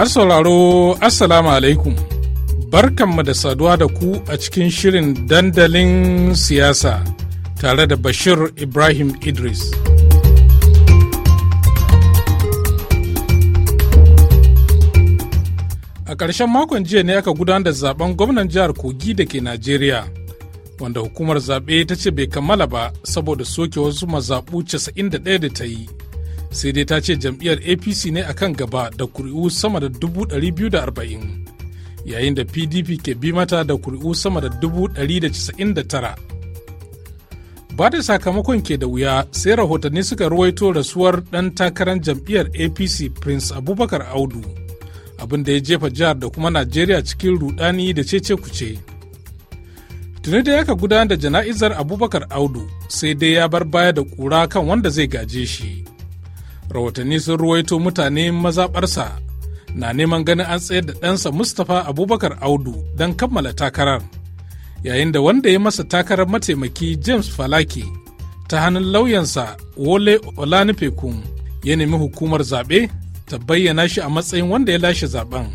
Masu sauraro Assalamu alaikum. Barkanmu da saduwa da ku a cikin shirin dandalin siyasa tare da Bashir Ibrahim Idris. A ƙarshen makon jiya ne aka gudanar da zaben gwamnan jihar Kogi da ke Najeriya, wanda hukumar zaɓe ta ce bai kammala ba saboda soke wasu mazaɓu 91 da ta yi. sai dai ta ce jam'iyyar apc ne a kan gaba da kuri'u sama da 240 yayin da pdp ke bi mata da kuri'u sama da 199 ba da sakamakon ke da wuya sai rahotanni suka ruwaito rasuwar ɗan takarar jam'iyyar apc prince abubakar audu abin da ya jefa jihar da kuma najeriya cikin rudani da cece kuce tuni da yaka gudanar da jana'izar abubakar audu sai dai ya bar baya da kura kan wanda zai gaje shi rahotanni sun ruwaito mutane mazaɓarsa na neman ganin an tsayar da ɗansa mustapha abubakar audu don kammala takarar yayin da wanda ya masa takarar mataimaki james falaki ta hannun lauyansa wole olanifekun ya nemi hukumar zaɓe ta bayyana shi a matsayin wanda ya lashe zaben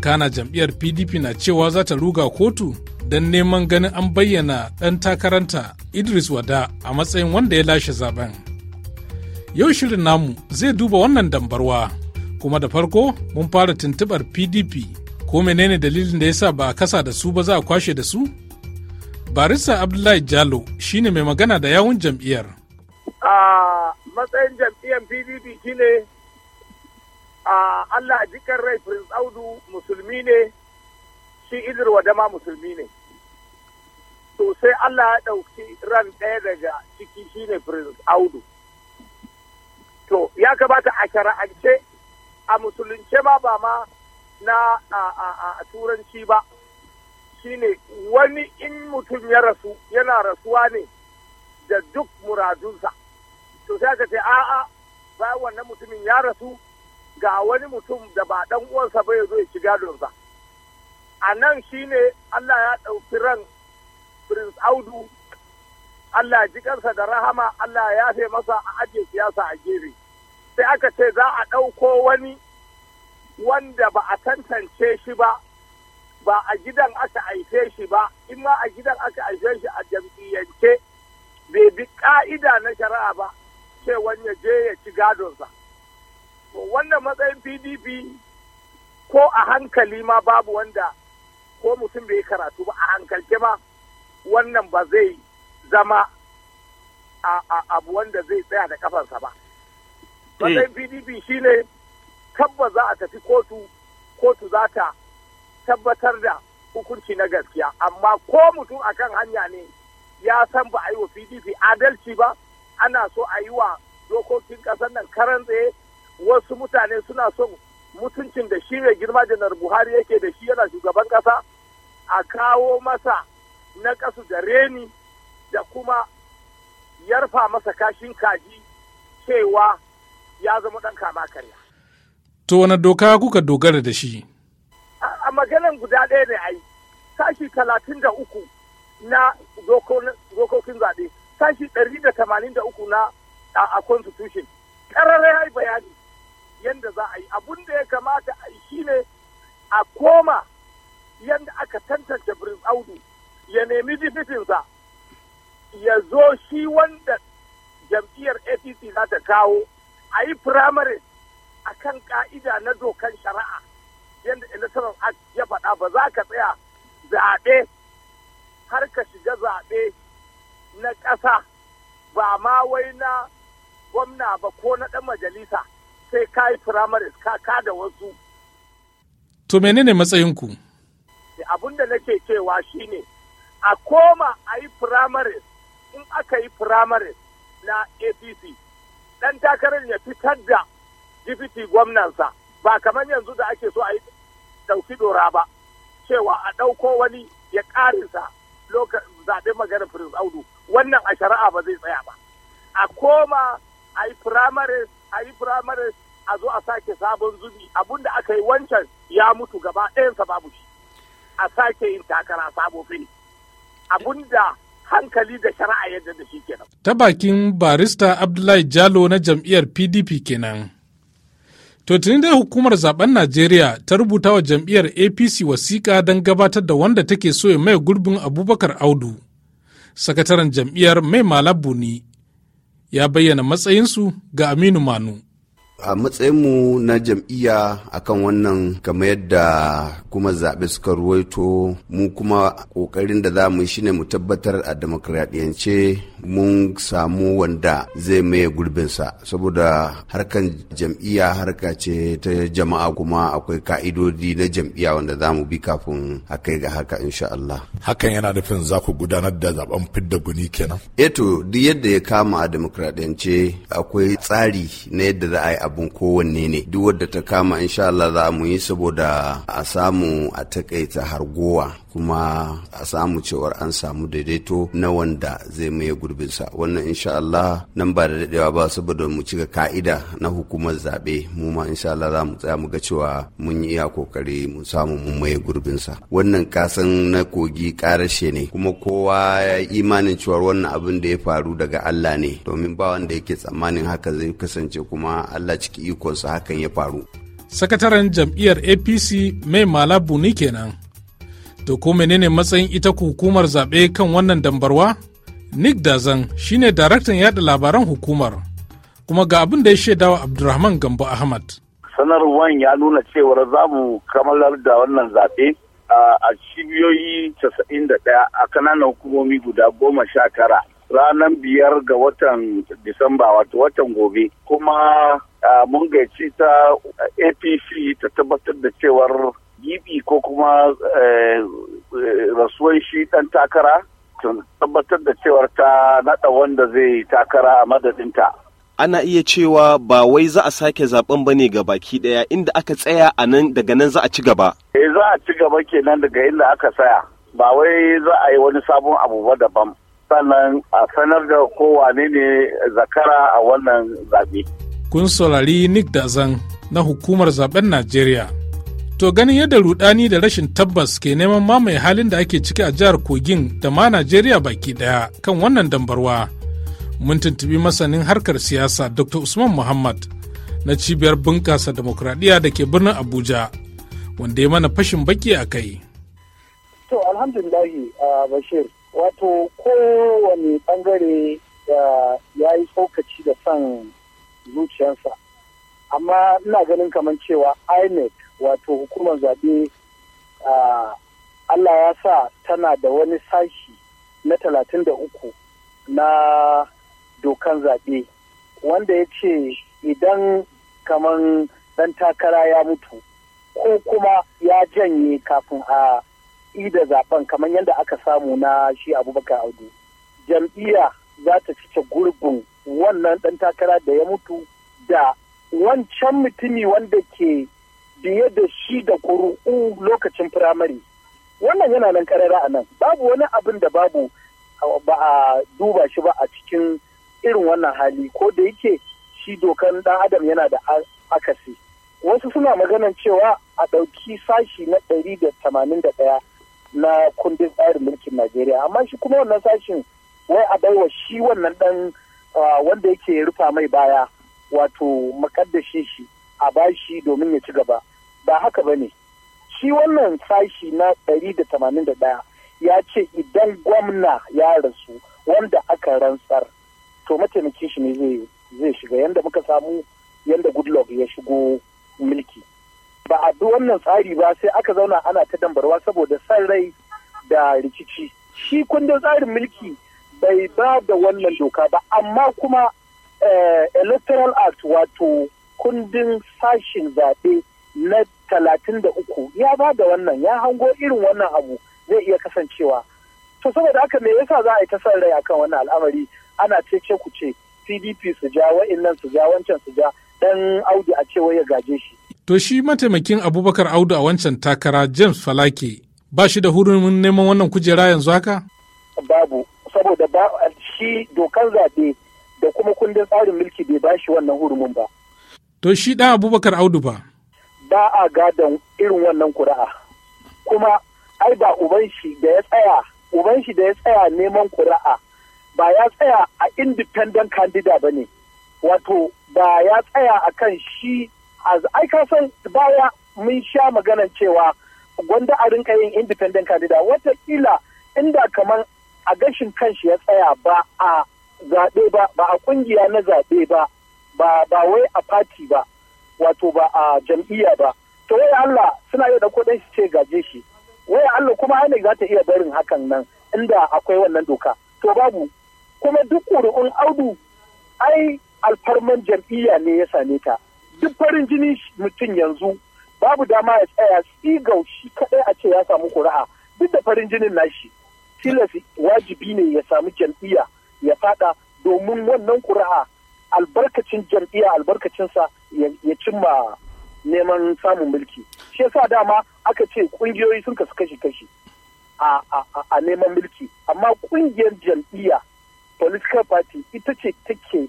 kana jam'iyyar pdp na cewa za ta ruga kotu don neman ganin an bayyana ɗan takaranta idris wada a matsayin wanda ya lashe zaben Yau shirin namu zai duba wannan dambarwa kuma da farko mun fara tuntubar PDP ko menene dalilin da yasa ba a kasa da su ba za a kwashe da su? Barista Abdullahi Jalo shine mai magana da yawun jam'iyyar. A matsayin jam'iyyar PDP shine a Allah jikan rai Prince Audu musulmi ne shi Idir Wadama musulmi ne. To sai Allah ya ɗauki ran ɗaya daga ciki shine Prince Audu. to ya kamata a shara'ance a musulunce ma ba ma na a turanci ba shine wani in mutum ya rasu yana rasuwa ne da duk muradunsa to sai ka ce a'a bayan wannan mutumin ya rasu ga wani mutum da ba dan uwansa ba ya zo ya ci gadonsa a nan shine Allah ya ɗauki ran Prince Audu Allah ji kansa da rahama Allah ya fe masa a ajiye siyasa a gefe sai aka ce za a ɗauko wani wanda ba a tantance shi ba ba a gidan aka aife shi ba in ma a gidan aka aife shi a jam'iyyance bai bi ka'ida na shari'a ba cewan ya je ya ci gadonsa wannan matsayin pdp ko a hankali ma babu wanda ko mutum bai karatu ba a hankalce ma wannan ba zai zama abu wanda zai tsaya da kafansa ba matsayin eh. pdp shi ne tabba za a tafi kotu kotu za ta tabbatar da hukunci na gaskiya amma ko mutum a kan hanya ne ya san ba a yi wa pdp adalci ba ana so a yi wa dokokin ƙasar nan karan tsaye wasu mutane suna son mutuncin da shi mai girma janar buhari yake da shi yana shugaban ƙasa a kawo masa na kasu da reni da kuma yarfa masa kashin kaji cewa ya zama ɗan kama karya. To wani doka kuka dogara da shi? A maganin guda ɗaya ne ai, sashi talatin da uku na dokokin zaɓe, sashi ɗari da tamanin da uku na a constitution. Ƙarar ya yi bayani yadda za a yi, abun da ya kamata a yi shi ne a koma yadda aka tantance Prince Audu ya nemi difitinsa ya zo shi wanda jam'iyyar APC za ta kawo a yi firamare a kan ka'ida na dokan shari'a yadda electoral act ya faɗa ba za ka tsaya zaɓe har ka shiga zaɓe na ƙasa ba ma wai na gwamna ba ko na ɗan majalisa sai ka yi firamare ka ka da wasu. To menene matsayinku? Eh, Abin da nake cewa shine a koma a yi firamare in aka yi firamare na APC ɗan takarar ya fitar da dipiti gwamnansa ba kamar yanzu da ake so a yi ɗauki dora ba cewa a ɗauko wani ya ƙarinsa zaɓe zaɓen maganar Prince Audu wannan a shari'a ba zai tsaya ba. A koma a yi firamare a zo a sake sabon zubi abun da aka yi wancan ya mutu gaba ɗayansa babu shi a sake yin takara sabo fili abun hankali da shari'a yadda da shi kenan. Ta bakin barista Abdullahi Jalo na jam'iyyar PDP kenan. To tuni dai hukumar zaben Najeriya ta rubuta wa jam'iyyar APC wasiƙa don gabatar da wanda take so ya mai gurbin Abubakar Audu. Sakataren jam'iyyar Mai Malabuni ya bayyana matsayinsu ga Aminu Manu. a matsayin mu na jam'iyya akan wannan kamar yadda kuma zaɓe suka ruwaito mu kuma ƙoƙarin da za mu shine mu tabbatar a demokradiyance mun samu wanda zai maye gurbinsa saboda harkan jam'iyya harka ce ta jama'a kuma akwai ka'idodi na jam'iyya wanda za mu bi kafin a kai ga haka insha Allah. Hakan yana nufin za ku gudanar da zaben fidda guni kenan. Eto eh duk yadda ya kama a demokradiyance akwai tsari na yadda za a yi Abin kowanne ne duk wadda ta kama insha Allah za mu yi saboda a samu a takaita hargowa kuma a samu cewar an samu daidaito na wanda zai maye gurbinsa wannan insha Allah nan ba da daɗewa ba saboda mu cika ka'ida na hukumar zaɓe mu ma insha Allah za mu tsaya mu ga cewa mun yi iya kokari mu samu mu maye gurbinsa wannan kasan na kogi ƙarashe ne kuma kowa ya imanin cewa wannan abin da ya faru daga Allah ne domin ba wanda yake tsammanin haka zai kasance kuma Allah ciki ikonsa hakan ya faru sakataren jam'iyyar apc mai malabu ne kenan To ko menene matsayin ita ku hukumar zaɓe kan wannan dambarwa? Nick Dazan shine daraktan yada labaran hukumar kuma ga abin da ya shaida wa Abdulrahman Gambo Ahmad. Sanarwan ya nuna cewar za mu kamalar da wannan zaɓe a cibiyoyi 91 a kananan hukumomi guda goma sha tara ranar biyar ga watan Disamba wato watan gobe kuma mun gaici ta APC ta tabbatar da cewar gibi ko kuma eh, rasuwar shi ɗan takara Tun tabbatar da cewar ta naɗa wanda zai takara a madadinta. Ana iya cewa ba wai za a sake zaben ba ne ga baki ɗaya inda aka tsaya a nan daga nan za a ci gaba. Eh za a ci gaba kenan daga inda aka tsaya ba wai za a yi wani sabon abu ba daban sannan a sanar da kowane ne zakara a wannan zabe Kun saurari Nick Dazan na hukumar zaben Najeriya. To ganin yadda rudani da rashin tabbas ke neman mamaye halin da ake ciki a jihar Kogin da ma Najeriya baki daya kan wannan dambarwa. Mun tuntubi masanin harkar siyasa Dr. Usman Muhammad na cibiyar bunƙasa demokradiyya da ke birnin Abuja wanda ya mana fashin baki a kai. To alhamdulillahi a Bashir wato kowane bangare da eh, ya yi tsokaci da son zuciyarsa amma ina ganin kamar cewa inec wato hukumar zaɓe allah ya sa tana da wani sashi na talatin da uku na dokan zaɓe wanda ya ce idan kamar ɗan takara ya mutu ko kuma ya janye kafin a ida zaben kamar yadda aka samu na shi abubakar audu jam'iyya za ta cike gurbin wannan ɗan takara da ya mutu da wancan mutumi wanda ke biye da shi da kuru'u lokacin firamare wannan yana nan karara a nan babu wani abin da babu ba a duba shi ba a cikin irin wannan hali ko da yake shi dokan ɗan adam yana da akasi wasu suna maganan cewa a ɗauki sashi na ɗari da tamanin da ɗaya na kundin tsarin mulkin najeriya amma shi kuma wannan sashin wai a baiwa shi wannan ɗan ah, wanda yake rufa mai baya wato makaddashi shi a bashi domin ya ci gaba ba haka ba ne shi wannan sashi na ɗaya ya ce idan gwamna ya rasu wanda aka rantsar to mataimakin shi ne zai shiga yadda muka samu yadda goodluck ya shigo mulki ba a bi wannan tsari ba sai aka zauna ana ta dambarwa saboda san rai da rikici shi kundin tsarin mulki bai ba da wannan doka ba amma kuma Eh, electoral act wato kundin sashen zaɓe na talatin da uku ya ba da wannan ya hango irin wannan abu zai iya kasancewa to saboda haka me yasa za a yi tasan rai akan wannan al'amari ana ce ce ku ce pdp su ja wa'innan su ja wancan su ja dan audu a cewa ya gaje shi to shi mataimakin abubakar audu a wancan takara james falake ba shi da hurumin neman wannan kujera yanzu haka babu saboda ba shi dokar zaɓe da kuma kundin tsarin mulki bai ba shi wannan hurumin ba. To shi ɗan Abubakar Audu ba. Ba a gadon irin wannan kuri'a. Kuma ai ba uban da ya tsaya, uban da ya tsaya neman kuri'a ba ya tsaya a independent kandida ba ne. Wato ba ya tsaya a kan shi ai ka san baya mun sha maganan cewa gwanda a rinka yin independent candidate watakila inda kamar a gashin kanshi ya tsaya ba a zaɓe ba ba a ƙungiya na zaɓe ba ba ba wai a fati ba wato ba a jam'iyya ba to wai Allah suna yau da shi ce gaje shi wai Allah kuma ne za ta iya barin hakan nan inda akwai wannan doka to babu kuma duk ƙuri'un audu ai alfarman jam'iyya ne ya same ta duk farin jini mutum yanzu babu dama ya tsaya si shi kaɗai a ce ya samu ƙuri'a duk da farin jinin nashi tilas wajibi ne ya samu jam'iyya ya fada domin wannan ƙuri'a albarkacin jam'iyya albarkacinsa ya cimma neman samun mulki shi yasa dama aka ce ƙungiyoyi sun kasu kashi-kashi a neman mulki amma ƙungiyar jam'iyya political party ita ce take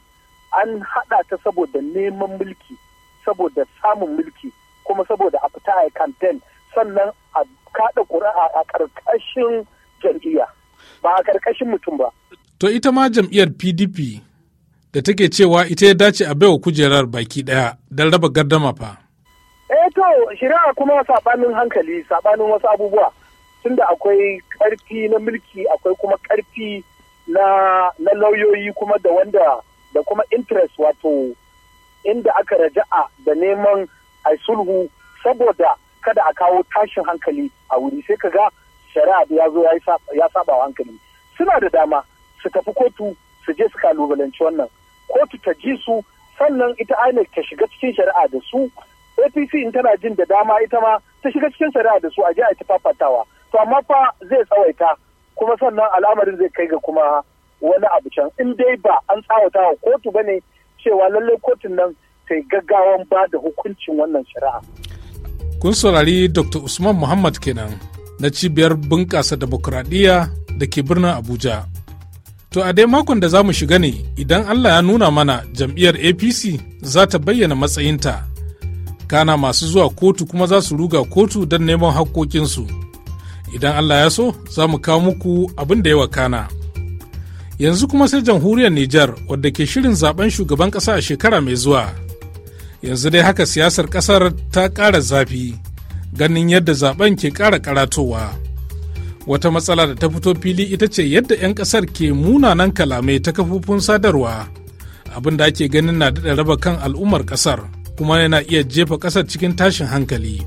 an haɗa ta saboda neman mulki saboda samun mulki kuma saboda a fita a campaign sannan a kaɗa ƙuri'a a ƙarƙashin jam'iyya ba a ƙarƙashin mutum ba To ita ma jam'iyyar PDP da take cewa ita ya dace a baiwa kujerar baki ɗaya don raba gardama fa. Eh to shari'a kuma saɓanin hankali saɓanin wasu abubuwa tun da akwai ƙarfi na mulki akwai kuma ƙarfi na na lauyoyi kuma da wanda da kuma interest wato inda aka raja'a da neman a sulhu saboda kada a kawo tashin hankali a wuri sai ka ga shari'a ya zo ya saba hankali suna da dama su tafi kotu su je su kalubalanci wannan kotu ta ji su sannan ita INEC ta shiga cikin shari'a da su APC in tana jin da dama ita ma ta shiga cikin shari'a da su a je a ta fafatawa to amma fa zai tsawaita kuma sannan al'amarin zai kai ga kuma wani abu can in dai ba an tsawata wa kotu ba ne cewa lallai kotun nan ta yi gaggawan ba da hukuncin wannan shari'a. Kun saurari Dr. Usman Muhammad kenan na cibiyar bunƙasa demokuraɗiyya da ke birnin Abuja. To a dai makon da za mu shiga ne idan Allah ya nuna mana jam'iyyar APC za ta bayyana matsayinta. Kana masu zuwa kotu kuma za su ruga kotu don neman haƙƙoƙinsu. Idan Allah ya so za mu kawo muku abin da yawa kana. Yanzu kuma sai jamhuriyar Nijar wadda ke shirin zaben shugaban ƙasa a shekara mai zuwa. Yanzu dai haka siyasar ƙasar ta ƙara zafi ganin yadda zaben ke ƙara ƙaratowa. wata matsala da ta fito fili ita ce yadda 'yan kasar ke munanan kalamai ta kafofin sadarwa abin da ake ganin na daɗa raba kan al'ummar kasar kuma yana iya jefa kasar cikin tashin hankali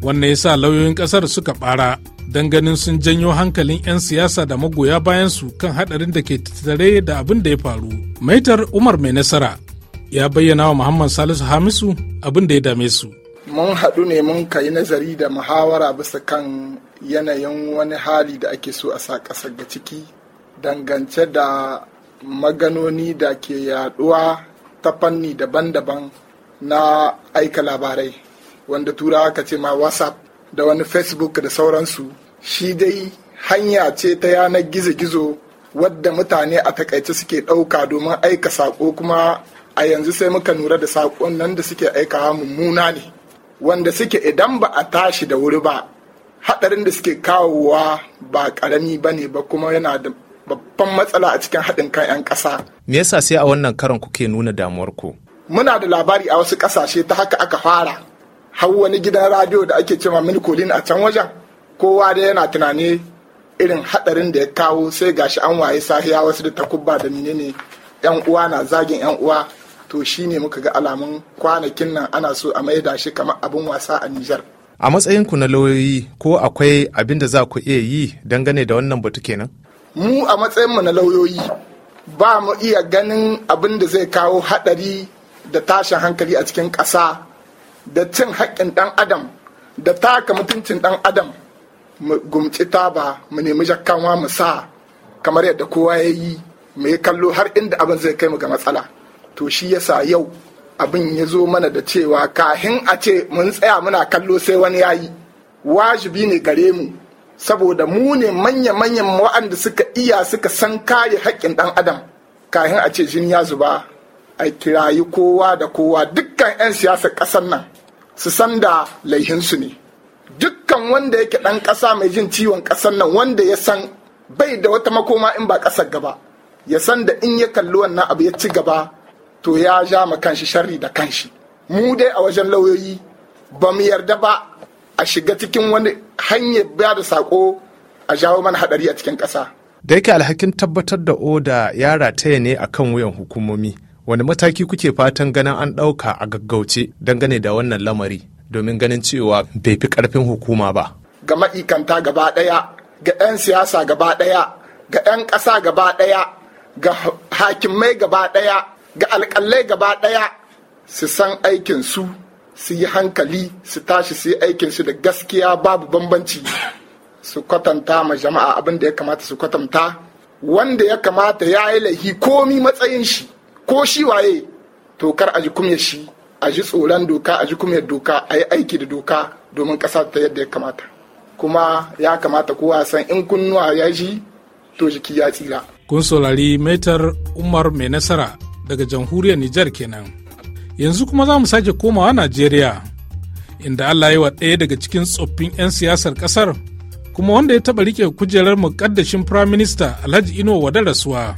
wannan ya sa lauyoyin kasar suka ɓara don ganin sun janyo hankalin 'yan siyasa da magoya bayan su kan haɗarin da ke tattare da abin da ya faru maitar umar mai nasara ya bayyana wa muhammad salisu hamisu abin da ya dame su mun haɗu ne mun kayi nazari da muhawara bisa kan yanayin wani hali da ake so a sa ƙasa ga ciki dangance da maganoni da ke yaɗuwa ta fanni daban-daban na aika labarai wanda tura ka ce ma whatsapp da wani facebook da sauransu shi dai hanya ce ta yanar gizo-gizo wadda mutane a takaice suke ɗauka domin aika saƙo kuma a yanzu sai muka nura da saƙon nan da suke aikawa mummuna ne wanda suke idan ba a tashi da wuri ba haɗarin da suke kawowa ba ƙarami ba ne ba kuma yana da babban matsala a cikin haɗin kan 'yan ƙasa. Me yasa sai a wannan karan kuke nuna damuwarku? Muna da labari a wasu ƙasashe ta haka aka fara. Hau wani gidan radio da ake cewa milkolin a can wajen. Kowa da yana tunani irin haɗarin da ya kawo sai gashi an waye sahiya wasu da takubba da menene 'yan uwa na zagin 'yan uwa to shine muka ga alamun kwanakin nan ana so a maida shi kamar abin wasa a Nijar. a matsayinku na lauyoyi ko akwai abin da za ku iya yi dangane da wannan batu kenan mu a matsayinmu na lauyoyi ba mu iya ganin abin da zai kawo haɗari da tashin hankali a cikin ƙasa da cin haƙƙin ɗan adam da taka mutuncin ɗan adam mu gumci taba mu nemi jakkanwa mu sa kamar yadda kowa ya yi mu yi kallo har inda abin zai kai mu ga matsala to shi yasa yau abin ya zo mana da cewa kahin a ce mun tsaya muna kallo sai wani yayi wajibi ne gare mu saboda mu ne manya-manyan wa'anda suka iya suka san kare haƙƙin ɗan adam kahin a ce jini ya zuba a kirayi kowa da kowa dukkan 'yan siyasar ƙasar nan su san da laihinsu ne dukkan wanda yake ɗan ƙasa mai jin ciwon ƙasar nan wanda ya san bai da wata makoma in ba ƙasar gaba ya san da in ya kalli wannan abu ya ci gaba to ya ja ma kanshi sharri da kanshi mu dai a wajen lauyoyi ba mu yarda ba a shiga cikin wani hanyar ba da sako a jawo mana hadari a cikin ƙasa. da yake alhakin tabbatar da oda ya rataya ne a kan wuyan hukumomi wani mataki kuke fatan ganin an ɗauka a gaggauce dangane da wannan lamari domin ganin cewa bai fi ƙarfin hukuma ba ga ma'ikanta gaba ɗaya ga 'yan siyasa gaba ɗaya ga 'yan ƙasa gaba ɗaya ga hakimai gaba ɗaya ga alƙalai gaba ɗaya su san aikinsu su yi hankali su tashi su yi aikinsu da gaskiya babu bambanci su kwatanta ma jama'a abin da ya kamata su kwatanta wanda ya kamata ya yi laihi komi matsayin shi ko shi waye to kar a ji kumya shi a ji tsoron doka a ji kumya doka a yi aiki da doka domin ƙasa ta yadda ya kamata kuma ya kamata kowa san in kunnuwa ya ji to jiki ya tsira kun saurari metar umar mai nasara daga jamhuriyar Nijar kenan. Yanzu kuma za mu sake komawa Najeriya, inda Allah yi wa ɗaya daga cikin tsoffin 'yan siyasar ƙasar, kuma wanda ya taɓa rike kujerar muƙaddashin Firayim Minista Alhaji Ino Wada rasuwa.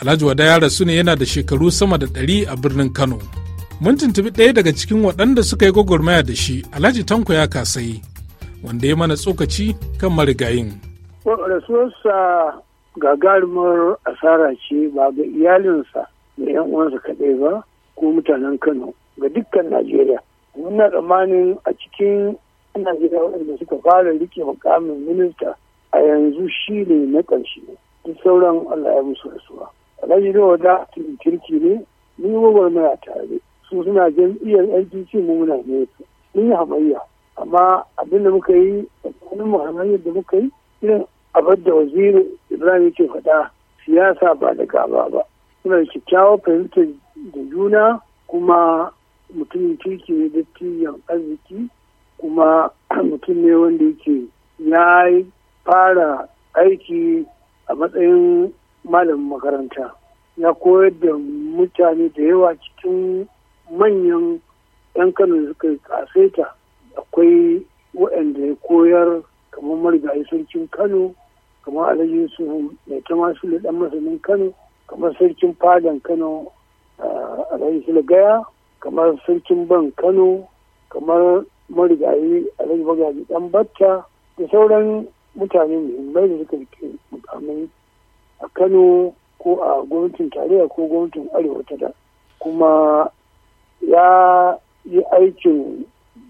Alhaji Wada ya rasu ne yana da shekaru sama da ɗari a birnin Kano. Mun tuntubi ɗaya daga cikin waɗanda suka yi gwagwarmaya da shi, Alhaji Tanko ya kasai, wanda ya mana tsokaci kan marigayin. Rasuwarsa gagarumar asara ce ba ga iyalinsa da yan uwansa kaɗai ba ko mutanen kano ga dukkan najeriya muna tsammanin a cikin gida waɗanda suka fara rike mukamin minista a yanzu shi ne na ƙarshe duk sauran allah ya musu rasuwa alhaji da wada kirki ne ni gwagwar muna tare su suna jam'iyyar ndc mu muna ne mun yi hamayya amma abinda muka yi tsakanin mu hamayyar da muka yi irin abar da waziri ibrahim ke faɗa siyasa ba da gaba ba suna da kyakkyawar fahimtar da juna kuma mutumin kirki ne dattijan arziki kuma mutum ne wanda yake ya fara aiki a matsayin malamin makaranta ya koyar da mutane da yawa cikin manyan 'yan kano suka kaseta akwai waɗanda ya koyar kamar marigayi sarkin kano kamar alhaji yusuf mai tamasu da dan masanin kano kamar sarkin fadan kano a rayu gaya kamar sarkin ban kano kamar marigayi a bagaji dan batta da sauran mutane muhimmai da suka rike mukamai a kano ko a gwamnatin tarayya ko gwamnatin arewa ta da kuma ya yi aikin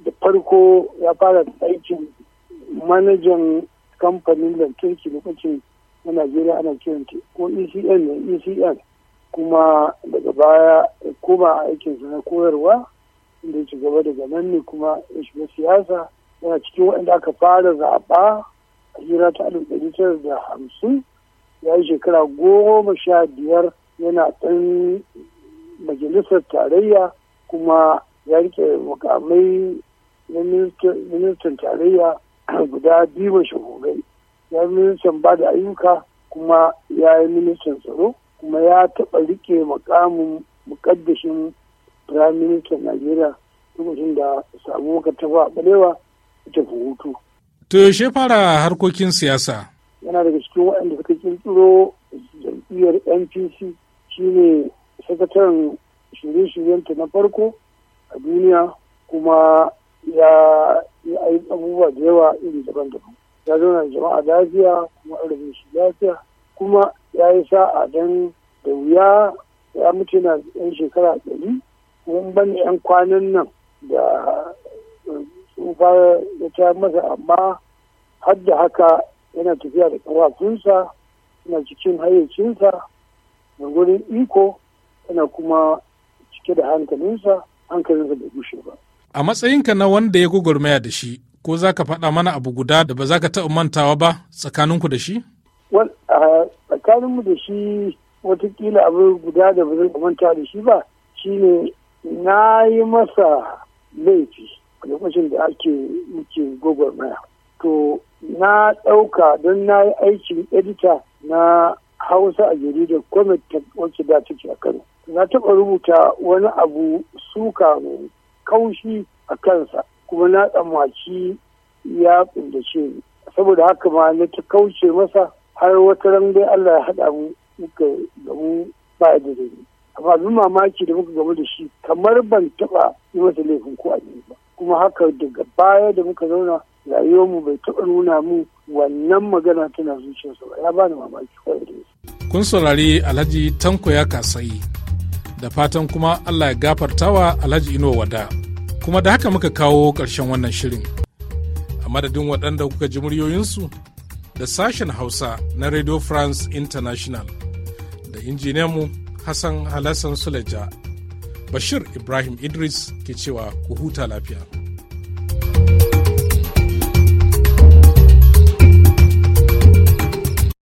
da farko ya fara aikin manajan kamfanin lantarki lokacin na najeriya ana kiranta ko ecn ne ecn kuma daga baya koma aikinsa na koyarwa inda ya ci gaba daga nan ne kuma ya shiga siyasa yana cikin waɗanda aka fara zaɓa a hira ta alif ɗari da hamsin ya yi shekara goma sha biyar yana ɗan majalisar tarayya kuma ya rike mukamai na ministan tarayya guda biyu mashahurai ya yi ministan ba da ayyuka kuma ya yi ministan tsaro kuma ya taɓa rike makamin mukaddashin prime minister najeriya lokacin da samu ka tafa a balewa ita hutu. to yaushe fara harkokin siyasa yana daga cikin waɗanda suka ƙirƙiro jam'iyyar npc shine sakataren shirye-shiryenta na farko a duniya kuma ya yi abubuwa da yawa iri daban-daban ya zauna jama'a lafiya kuma an shi lafiya kuma ya yi sa'a don da wuya ya mutu na yan shekara ɗari mun ban yan kwanan nan da uh, tsufa ya ta masa amma har da haka yana tafiya da kawafinsa yana cikin hayyacinsa da wurin iko yana kuma cike da hankalinsa hankalinsa bai gushe ba. A matsayinka na wanda ya gugurmaya da shi, ko za ka faɗa mana abu guda da ba za ka taɓa mantawa ba tsakaninku da shi? tsakaninmu da shi watakila abu guda da ba zan manta da shi ba shi ne na yi masa laifi a lokacin da ake muke gwagwarmaya to na ɗauka don na yi aikin edita na hausa a jaridar kwamitin wacce da take a kano na taɓa rubuta wani abu suka mai kaushi a kansa kuma na tsammaki ya kundace ni saboda haka ma na ta kauce masa har wata ran dai Allah ya haɗa mu muka gamu ba da dare. amma abin mamaki da muka gamu da shi kamar ban taɓa yi masa laifin ko abin ba kuma haka daga baya da muka zauna rayuwar mu bai taɓa nuna mu wannan magana tana zuciyarsa ba ya bani mamaki ko da kun saurari alhaji tanko ya kasayi da fatan kuma allah ya gafartawa alhaji inuwa wada kuma da haka muka kawo ƙarshen wannan shirin a madadin waɗanda kuka ji muryoyinsu da sashen hausa na radio france international da injiniyanmu hassan halassan suleja bashir ibrahim idris ke cewa ku huta lafiya